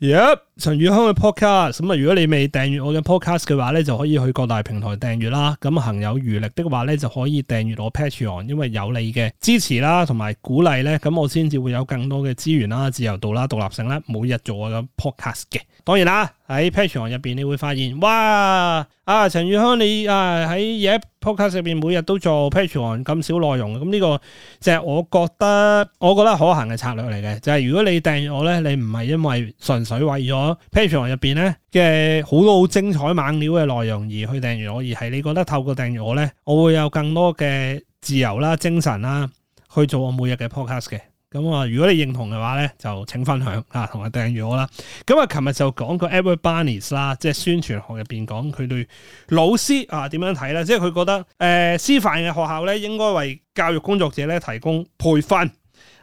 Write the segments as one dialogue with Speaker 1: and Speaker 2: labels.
Speaker 1: Yep，陳宇康嘅 podcast，咁啊，如果你未訂閱我嘅 podcast 嘅話咧，就可以去各大平台訂閱啦。咁行有餘力的話咧，就可以訂閱我 Patreon，因為有你嘅支持啦，同埋鼓勵咧，咁我先至會有更多嘅資源啦、自由度啦、獨立性啦，每日做我嘅 podcast 嘅。當然啦，喺 Patreon 入邊你會發現，哇啊，陳宇康你啊喺 Yep。podcast 入面每日都做 Patron 咁少內容嘅，咁呢個就係我覺得我覺得可行嘅策略嚟嘅。就係、是、如果你訂閱我咧，你唔係因為純粹為咗 Patron 入邊咧嘅好多好精彩猛料嘅內容而去訂閱我，而係你覺得透過訂閱我咧，我會有更多嘅自由啦、精神啦，去做我每日嘅 podcast 嘅。咁啊，如果你認同嘅話咧，就請分享啊，同埋訂閱我啦。咁啊，琴日就講過 Edward Bernays 啦，即係宣傳學入邊講佢對老師啊點樣睇咧，即係佢覺得誒師範嘅學校咧，應該為教育工作者咧提供培訓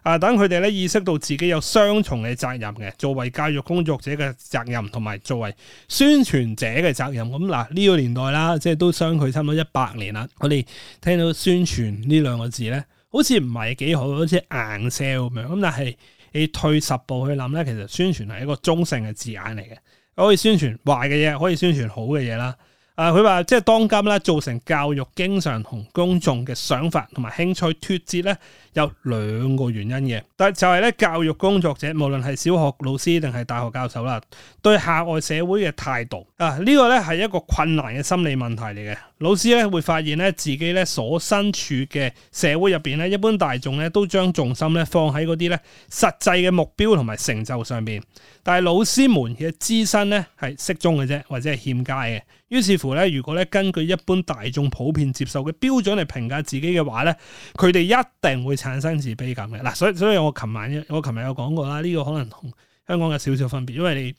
Speaker 1: 啊，等佢哋咧意識到自己有雙重嘅責任嘅，作為教育工作者嘅責任同埋作為宣傳者嘅責任。咁嗱呢個年代啦，即係都相距差唔多一百年啦。我哋聽到宣傳呢兩個字咧。好似唔係幾好，好似硬 sell 咁樣。咁但係你退十步去諗咧，其實宣傳係一個中性嘅字眼嚟嘅，可以宣傳壞嘅嘢，可以宣傳好嘅嘢啦。啊，佢話即係當今啦，造成教育經常同公眾嘅想法同埋興趣脫節咧，有兩個原因嘅。但就係咧，教育工作者無論係小學老師定係大學教授啦，對校外社會嘅態度啊，呢個咧係一個困難嘅心理問題嚟嘅。老師咧會發現咧自己咧所身處嘅社會入邊咧，一般大眾咧都將重心咧放喺嗰啲咧實際嘅目標同埋成就上邊，但係老師們嘅資身咧係適中嘅啫，或者係欠佳嘅。於是乎咧，如果咧根據一般大眾普遍接受嘅標準嚟評價自己嘅話咧，佢哋一定會產生自卑感嘅。嗱，所所以，所以我琴晚我琴日有講過啦，呢、這個可能同。香港嘅少少分別，因為你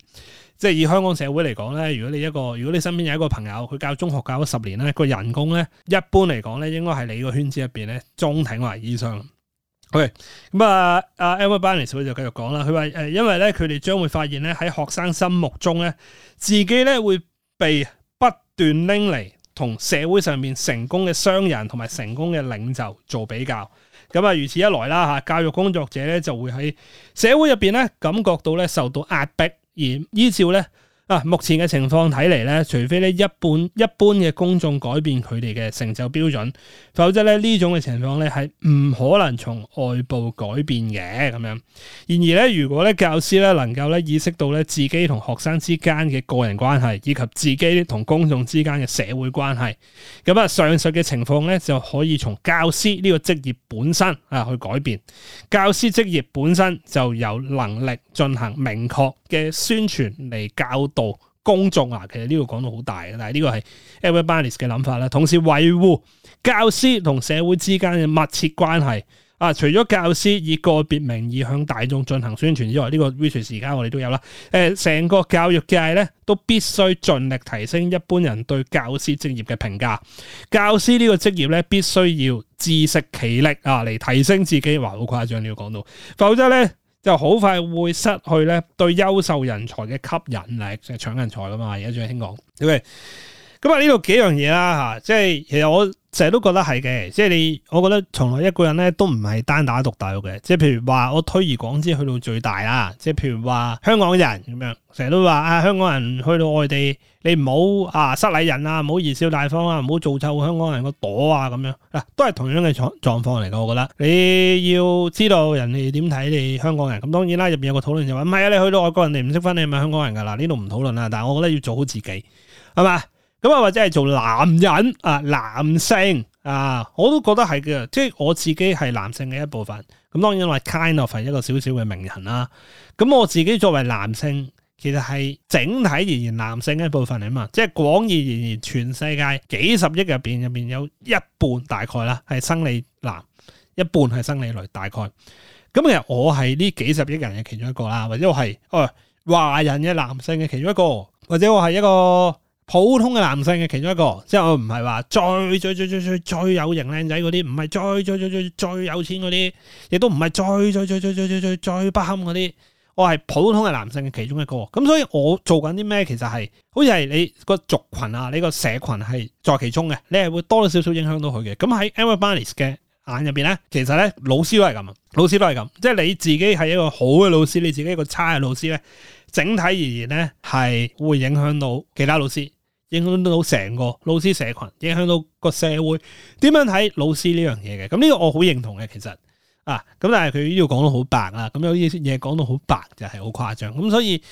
Speaker 1: 即係以香港社會嚟講咧，如果你一個，如果你身邊有一個朋友，佢教中學教咗十年咧，個人工咧一般嚟講咧，應該係你個圈子入邊咧中等或以上。OK，咁、嗯、啊，啊，阿 Elvin Barnes 佢就繼續講啦，佢話誒，因為咧佢哋將會發現咧喺學生心目中咧，自己咧會被不斷拎嚟同社會上面成功嘅商人同埋成功嘅領袖做比較。咁啊，如此一來啦，吓教育工作者咧就會喺社會入邊咧感覺到咧受到壓迫，而依照咧。啊，目前嘅情況睇嚟咧，除非咧一般一般嘅公眾改變佢哋嘅成就標準，否則咧呢種嘅情況咧係唔可能從外部改變嘅咁樣。然而咧，如果咧教師咧能夠咧意識到咧自己同學生之間嘅個人關係，以及自己同公眾之間嘅社會關係，咁啊上述嘅情況咧就可以從教師呢個職業本身啊去改變。教師職業本身就有能力進行明確嘅宣傳嚟教。度公眾啊，其實呢個講到好大嘅，但係呢個係 everybody 嘅諗法啦。同時維護教師同社會之間嘅密切關係啊，除咗教師以個別名義向大眾進行宣傳之外，呢、這個 research 時間我哋都有啦。誒、啊，成個教育界咧都必須盡力提升一般人對教師職業嘅評價。教師個職呢個職業咧必須要自食其力啊，嚟提升自己，話好誇張呢個講到，否則咧。就好快會失去咧對優秀人才嘅吸引力，即係搶人才啦嘛！而家仲係興講，因為。咁啊，呢度幾樣嘢啦吓，即係其實我成日都覺得係嘅。即係你，我覺得從來一個人咧都唔係單打獨鬥嘅。即係譬如話我推而廣之去到最大啦，即係譬如話香港人咁樣，成日都話啊香港人去到外地，你唔好啊失禮人啊，唔好貽笑大方啊，唔好做臭香港人個朵啊咁樣嗱，都係同樣嘅狀況嚟嘅。我覺得你要知道人哋點睇你香港人。咁當然啦，入面有個討論就話唔係啊，你去到外國人你唔識分你係咪香港人噶啦，呢度唔討論啦。但係我覺得要做好自己，係咪？咁啊，或者係做男人啊、男性啊我都覺得係嘅，即係我自己係男性嘅一部分。咁當然我係 kind of 係一個少少嘅名人啦。咁我自己作為男性，其實係整體而言男性嘅一部分嚟啊嘛，即係廣義而言全世界幾十億入邊入邊有一半大概啦，係生理男，一半係生理女大概。咁其實我係呢幾十億人嘅其中一個啦，或者我係哦華人嘅男性嘅其中一個，或者我係、哎、一個，普通嘅男性嘅其中一個，即係我唔係話最最最最最最有型靚仔嗰啲，唔係最最最最最有錢嗰啲，亦都唔係最最最最最最最不堪嗰啲。我係普通嘅男性嘅其中一個，咁所以我做緊啲咩？其實係好似係你個族群啊，你個社群係在其中嘅，你係會多咗少少影響到佢嘅。咁喺 Albert Barnes 嘅眼入邊咧，其實咧老師都係咁，老師都係咁，即係你自己係一個好嘅老師，你自己一個差嘅老師咧，整體而言咧，係會影響到其他老師，影響到成個老師社群，影響到個社會點樣睇老師呢樣嘢嘅。咁、這、呢個我好認同嘅，其實啊，咁但係佢呢度講到好白啦，咁有啲嘢講到好白就係好誇張。咁所以誒、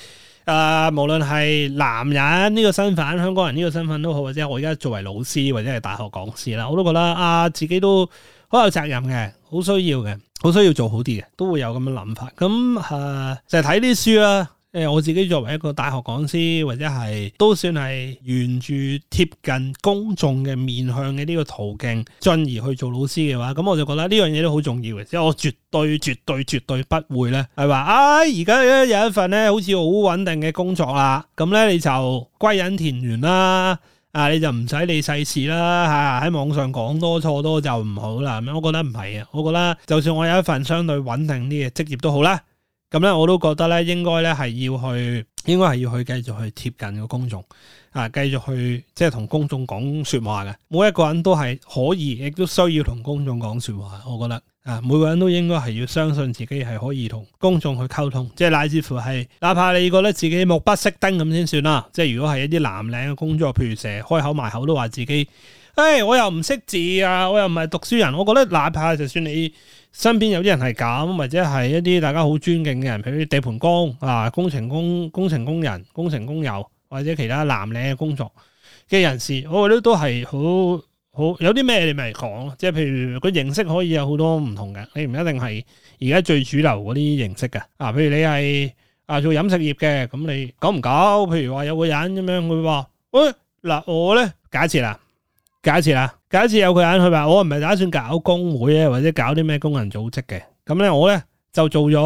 Speaker 1: 啊，無論係男人呢個身份，香港人呢個身份都好，或者我而家作為老師或者係大學講師啦，我都覺得啊，自己都好有責任嘅，好需要嘅，好需要做好啲嘅，都會有咁嘅諗法。咁誒、啊，就係睇啲書啦、啊。誒我自己作為一個大學講師，或者係都算係沿住貼近公眾嘅面向嘅呢個途徑，進而去做老師嘅話，咁我就覺得呢樣嘢都好重要嘅。即係我絕對，絕對、絕對、絕對不會咧，係話啊，而家有一份咧好似好穩定嘅工作啦，咁咧你就歸隱田園啦，啊你就唔使理世事啦，嚇喺網上講多錯多就唔好啦。咁我覺得唔係啊，我覺得就算我有一份相對穩定啲嘅職業都好啦。咁咧、嗯，我都覺得咧，應該咧係要去，應該係要去繼續去貼近個公眾啊，繼續去即係同公眾講説話嘅。每一個人都係可以，亦都需要同公眾講説話。我覺得啊，每個人都應該係要相信自己係可以同公眾去溝通。即係，乃至乎係，哪怕你覺得自己目不識丁咁先算啦。即係如果係一啲藍領嘅工作，譬如成日開口埋口都話自己，唉、hey,，我又唔識字啊，我又唔係讀書人。我覺得，哪怕就算你。身邊有啲人係咁，或者係一啲大家好尊敬嘅人，譬如地盤工啊、工程工、工程工人、工程工友或者其他藍領嘅工作嘅人士，我覺得都係好好，有啲咩你咪講咯。即係譬如個形式可以有好多唔同嘅，你唔一定係而家最主流嗰啲形式嘅。啊，譬如你係啊做飲食業嘅，咁你搞唔搞？譬如話有個人咁樣，佢話：，喂、哎，嗱，我咧假設啦。假設啦，假設有個人佢話，我唔係打算搞工會啊，或者搞啲咩工人組織嘅。咁咧我咧就做咗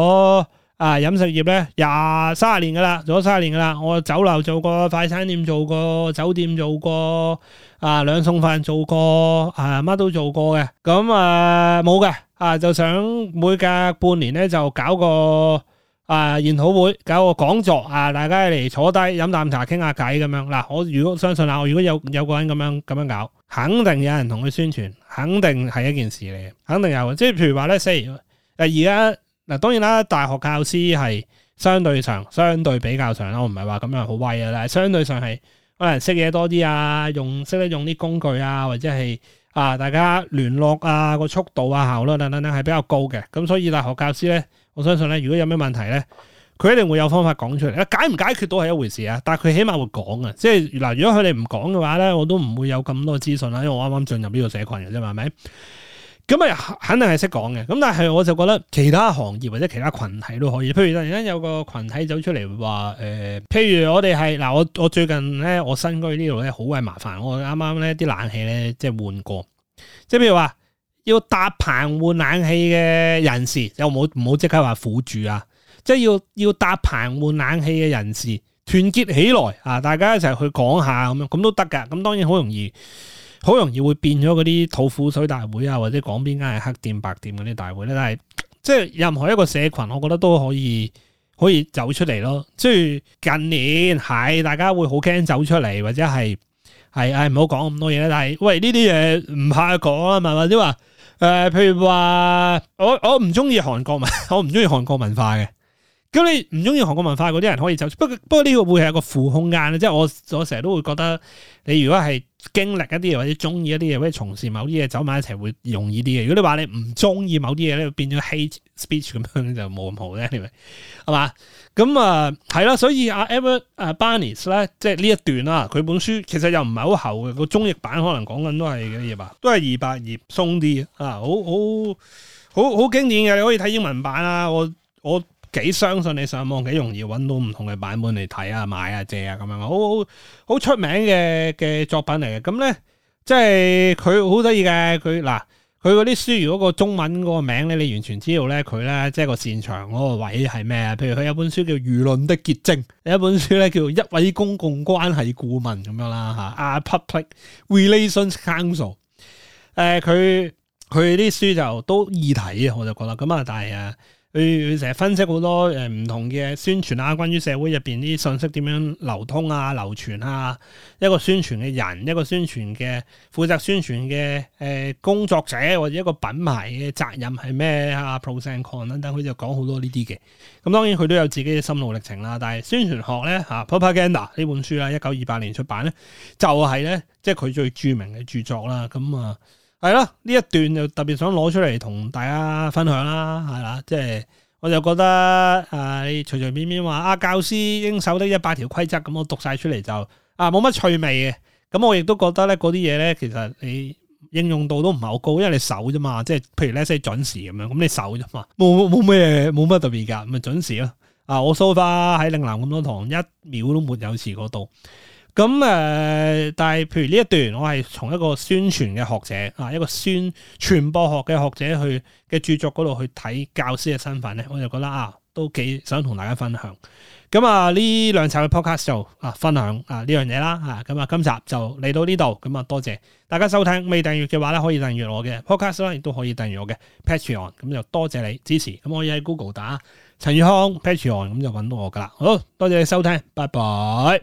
Speaker 1: 啊飲食業咧廿卅年噶啦，做咗卅年噶啦。我酒樓做過，快餐店做過，酒店做過，啊兩餸飯做過，啊乜都做過嘅。咁啊冇嘅啊，就想每隔半年咧就搞個啊研討會，搞個講座啊，大家嚟坐低飲啖茶傾下偈咁樣。嗱，我如果相信啦，我如果有有個人咁樣咁樣搞。肯定有人同佢宣傳，肯定係一件事嚟嘅，肯定有，即係譬如話咧，例如誒而家嗱，當然啦，大學教師係相對上相對比較上，我唔係話咁樣好威啊，但係相對上係可能識嘢多啲啊，用識得用啲工具啊，或者係啊大家聯絡啊個速度啊效率等等等係比較高嘅。咁所以大學教師咧，我相信咧，如果有咩問題咧，佢一定會有方法講出嚟啊！解唔解決到係一回事啊，但係佢起碼會講啊，即係嗱，如果佢哋唔講嘅話咧，我都唔會有咁多資訊啦。因為我啱啱進入呢個社群嘅啫嘛，係咪？咁啊，肯定係識講嘅。咁但係我就覺得其他行業或者其他群體都可以。譬如突然間有個群體走出嚟話，誒、呃，譬如我哋係嗱，我我最近咧，我新居呢度咧好鬼麻煩，我啱啱咧啲冷氣咧即係換過，即係譬如話要搭棚換冷氣嘅人士，有冇冇即刻話輔助啊？即係要要搭棚換冷氣嘅人士團結起來啊！大家一齊去講下咁樣，咁都得㗎。咁、嗯、當然好容易，好容易會變咗嗰啲吐苦水大會啊，或者講邊間係黑店白店嗰啲大會咧。但係即係任何一個社群，我覺得都可以可以走出嚟咯。即係近年係大家會好驚走出嚟，或者係係係唔好講咁多嘢啦。但係喂，呢啲嘢唔怕講啦，嘛？或者話誒、呃，譬如話我我唔中意韓國文，我唔中意韓國文化嘅。如果你唔中意韓國文化嗰啲人可以走，不過不過呢個會係一個負空間咧，即係我我成日都會覺得你如果係經歷一啲嘢或者中意一啲嘢或者從事某啲嘢走埋一齊會容易啲嘅。如果你話你唔中意某啲嘢咧，你變咗 hate speech 咁樣就冇咁好咧，係嘛？咁啊係啦，所以阿 Edward Bernays 咧，即係呢一段啦，佢本書其實又唔係好厚嘅，個中譯版可能講緊都係幾頁吧，都係二百頁，鬆啲啊，好好好好經典嘅，你可以睇英文版啊，我我。幾相信你上網幾容易搵到唔同嘅版本嚟睇啊、買啊、借啊咁樣，好好好出名嘅嘅作品嚟嘅。咁咧，即係佢好得意嘅，佢嗱，佢嗰啲書如果個中文嗰個名咧，你完全知道咧佢咧即係個擅長嗰個位係咩啊？譬如佢有本書叫《輿論的結晶》，有一本書咧叫《一位公共關係顧問》咁樣啦吓啊，public relations counsel 誒、呃，佢佢啲書就都易睇嘅，我就覺得咁啊，但係啊。佢成日分析好多誒唔同嘅宣傳啊，關於社會入邊啲信息點樣流通啊、流傳啊，一個宣傳嘅人，一個宣傳嘅負責宣傳嘅誒工作者，或者一個品牌嘅責任係咩啊 Procent Con 等等，佢就講好多呢啲嘅。咁當然佢都有自己嘅心路歷程啦。但係宣傳學咧嚇、啊、Propaganda 呢本書啦，一九二八年出版咧，就係咧即係佢最著名嘅著作啦。咁啊～係啦，呢一段就特別想攞出嚟同大家分享啦，係啦，即係我就覺得，呃，你隨隨便便話啊，教師應守得一百條規則，咁我讀晒出嚟就啊冇乜趣味嘅。咁我亦都覺得咧，嗰啲嘢咧，其實你應用度都唔係好高，因為你守啫嘛，即係譬如咧即係準時咁樣，咁你守啫嘛，冇冇咩冇乜特別噶，咪準時咯。啊，我 so far 喺嶺南咁多堂，一秒都沒有遲過到。咁誒、嗯，但係譬如呢一段，我係從一個宣傳嘅學者啊，一個宣傳播學嘅學者去嘅著作嗰度去睇教師嘅身份咧，我就覺得啊，都幾想同大家分享。咁啊，呢兩集嘅 podcast 就啊分享啊呢樣嘢啦。啊，咁啊，今集就嚟到呢度，咁啊，多謝大家收聽。未訂閲嘅話咧，可以訂閲我嘅 podcast 啦，亦都可以訂閲我嘅 Patreon。咁就多謝你支持。咁我已經喺 Google 打陳宇康 Patreon，咁就揾到我噶啦。好，多謝你收聽，拜拜。